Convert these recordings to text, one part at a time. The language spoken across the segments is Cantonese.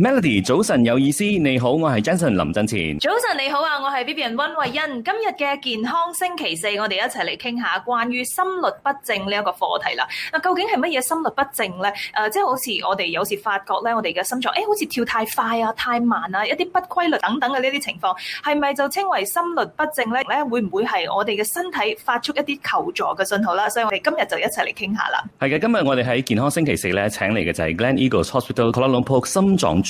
Melody，早晨有意思，你好，我係 Jason 林振前。早晨你好啊，我係 Vivian 溫慧欣。今日嘅健康星期四，我哋一齊嚟傾下關於心、啊、心律不正呢一個課題啦。嗱，究竟係乜嘢心律不正咧？誒，即係好似我哋有時發覺咧，我哋嘅心臟，誒，好似跳太快啊、太慢啊、一啲不規律等等嘅呢啲情況，係咪就稱為心律不正咧？咧會唔會係我哋嘅身體發出一啲求助嘅信號啦？所以我哋今日就一齊嚟傾下啦。係嘅，今日我哋喺健康星期四咧，請嚟嘅就係 Gleneagles Hospital Kuala Lumpur 心臟。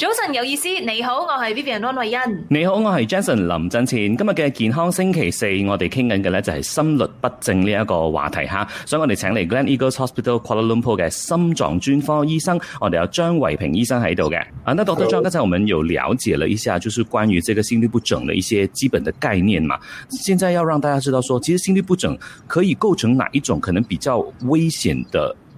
早晨有意思，你好，我係 Vivian 安慧欣。你好，我係 Jason 林振前。今日嘅健康星期四，我哋傾緊嘅咧就係、是、心律不正」呢一個話題哈，所以我哋請嚟 Gleneagles Hospital Kuala Lumpur 嘅心臟專科醫生，我哋有張維平醫生喺度嘅。Hello. 啊，那多咗張，剛才我們有了解了一下，就是關於這個心律不整的一些基本的概念嘛。現在要讓大家知道說，說其實心律不整可以構成哪一種可能比較危險的？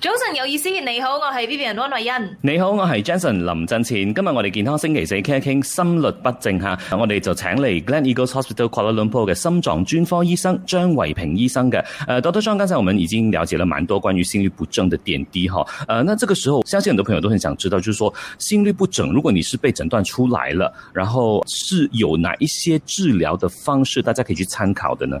早晨有意思，你好，我係 Vivian vivian 溫慧欣。你好，我是 Jenson 林振前。今日我哋健康星期四傾一傾心律不正吓，我哋就請嚟 Gleneagles Hospital Kuala Lumpur 嘅心臟專科醫生張維平醫生嘅。誒，Doctor 張，John，剛才我們已經了解了蠻多關於心律不正的點滴哈。呃，那這個時候，相信很多朋友都很想知道，就是說心律不整，如果你是被診斷出來了，然後是有哪一些治療的方式，大家可以去參考的呢？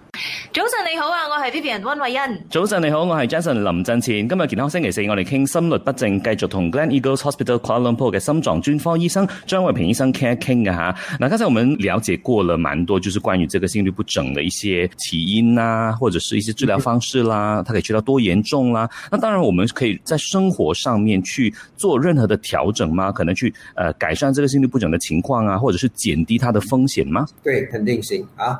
早晨你好啊，我係 Vivian 溫慧欣。早晨你好，我係 Jason 林振前。今日健康星期四，我哋傾心律不正，繼續同 Glenn Eagles Hospital Kuala Lumpur 嘅心臟專科醫生張偉平醫生傾一傾吓，嗱，剛才我們了解過了，蠻多，就是關於這個心律不整的一些起因啦、啊，或者是一些治療方式啦，它可以去到多嚴重啦。那當然，我們可以在生活上面去做任何的調整嗎？可能去，誒、呃，改善這個心律不整嘅情況啊，或者是減低它的風險嗎？對，肯定係啊。